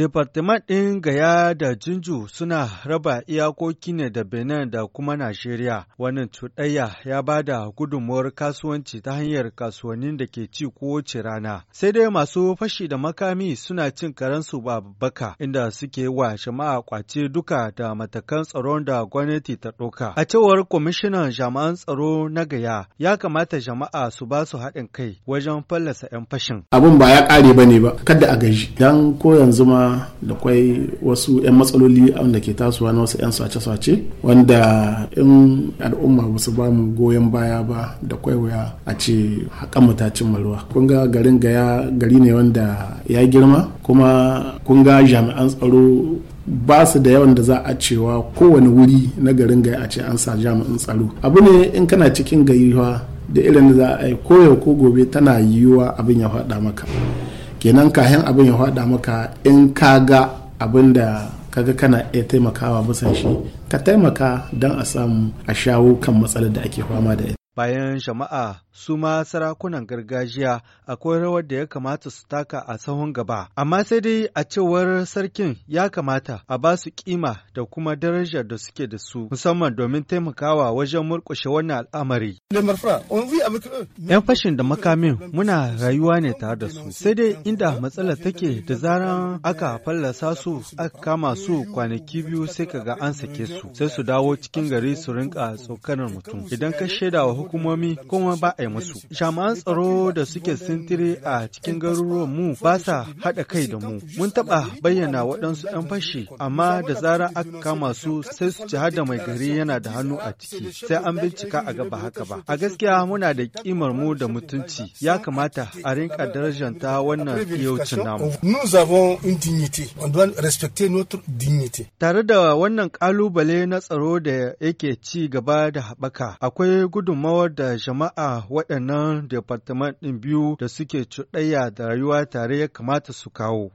Departement ɗin Gaya da Jinju suna raba iyakoki ne da Benin da kuma Najeriya. Wannan cuɗayya ya ba da gudunmuwar kasuwanci ta hanyar kasuwannin da ke ci kowace rana. Sai dai masu fashi da makami suna cin karansu ba baka inda suke wa jama'a kwace duka da matakan tsaron da gwamnati ta ɗauka. A cewar kwamishinan Jama'an tsaro na Gaya, ya kamata jama'a su ba su haɗin kai wajen fallasa 'yan fashin. Abun ba ya ƙare ba ne ba, kada a gaji. Dan ko yanzu ma da kwai wasu 'yan matsaloli wanda ke tasowa na wasu 'yan sace-sace wanda in al'umma ba su bamu goyon baya ba da kwai wuya a ce haƙan ta maruwa ruwa kun ga garin gaya gari ne wanda ya girma kuma kun ga jami'an tsaro ba su da yawan da za a cewa kowane wuri na garin gaya a ce an sa jami'an tsaro abu ne in kana cikin gayuwa da irin da za a yi koyo ko gobe tana yiwuwa abin ya faɗa maka kenan kayan abin ya faɗa maka in ka ga abin da ka ga kana iya taimakawa bisan shi ka taimaka don a samu a shawo kan matsalar da ake fama da ita Bayan jama'a su ma sarakunan gargajiya akwai rawar da ya kamata su taka a sahun gaba, amma sai dai a cewar sarkin ya kamata a ba su kima da kuma darajar da suke da su musamman domin taimakawa wajen murkushe wannan al'amari. ‘Yan fashin da makamin muna rayuwa ne tare da su, sai dai inda matsala take da zaran aka fallasa su aka kama su kwanaki biyu sai kaga an sake su sai su dawo cikin gari su rinka tsokanar mutum idan ka shaida wa hukumomi kuma ba a yi musu. Jami'an tsaro da suke sintiri a cikin garuruwan mu ba sa haɗa kai da mu. Mun taɓa bayyana waɗansu ɗan fashi, amma da zarar aka kama su sai su ci hada mai gari yana da hannu a ciki, sai an bincika a gaba haka ba. A gaskiya muna da kimar mu da mutunci, ya kamata a rinka darajanta wannan yaucin namu. Tare da wannan ƙalubale na tsaro da yake ci gaba da haɓaka, akwai gudunmawa Mawar da jama'a waɗannan departament ɗin biyu da suke cuɗayya da rayuwa tare ya kamata su kawo.